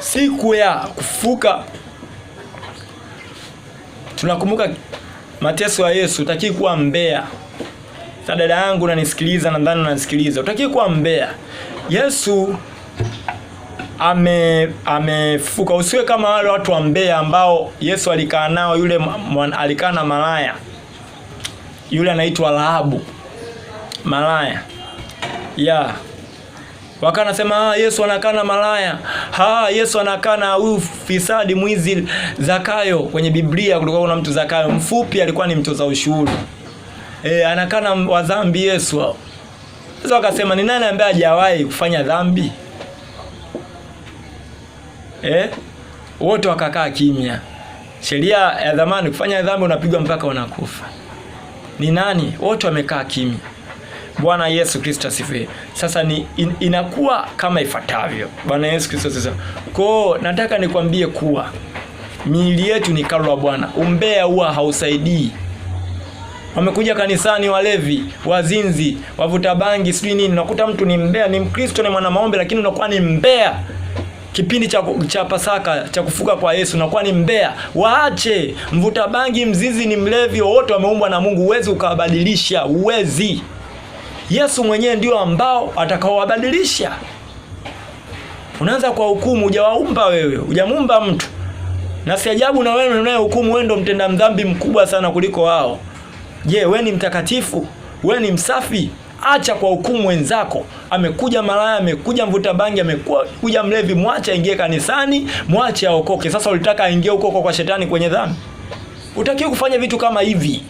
siku ya kufuka tunakumbuka mateso ya Yesu. Utakii kuwa mbea na dada yangu, unanisikiliza, nadhani unanisikiliza, utakii kuwa mbea. Yesu ame amefuka. Usiwe kama wale watu wa mbea ambao Yesu alikaa nao, yule alikaa na malaya yule anaitwa Rahabu, malaya ya yeah. Wakawa nasema ah, Yesu anakaa na malaya ha, ah, Yesu anakaa na huyu fisadi mwizi Zakayo. Kwenye Biblia kulikuwa kuna mtu Zakayo mfupi, alikuwa ni mtoza ushuru e, anakaa na wadhambi Yesu hao. Sasa wakasema ni nani ambaye hajawahi kufanya dhambi e? Wote wakakaa kimya. Sheria ya zamani, kufanya dhambi unapigwa mpaka unakufa. Ni nani? Wote wamekaa kimya. Bwana Yesu Kristo asifiwe. Sasa ni in, inakuwa kama ifuatavyo. Bwana Yesu Kristo sasa. Kwa nataka nikwambie kuwa miili yetu ni hekalu la Bwana. Umbea huwa hausaidii. Wamekuja kanisani walevi, wazinzi, wavuta bangi, sijui nini. Nakuta mtu ni mbea, ni Mkristo, ni mwana maombi, lakini unakuwa ni mbea. Kipindi cha, cha Pasaka cha kufuka kwa Yesu unakuwa ni mbea. Waache mvuta bangi, mzizi, ni mlevi, wote wameumbwa na Mungu. Uwezi ukawabadilisha, uwezi. Yesu mwenyewe ndio ambao atakaowabadilisha. Unaanza kwa hukumu, hujawaumba wewe, hujamumba mtu, na si ajabu na wewe unaye hukumu, wewe ndio mtenda mdhambi mkubwa sana kuliko wao. Je, wewe ni mtakatifu? Wewe ni msafi? Acha kwa hukumu wenzako. Amekuja malaya, amekuja mvuta bangi, amekuja mlevi, mwache aingie kanisani, mwache aokoke. Sasa ulitaka aingie huko kwa shetani kwenye dhambi. Utakiwa kufanya vitu kama hivi.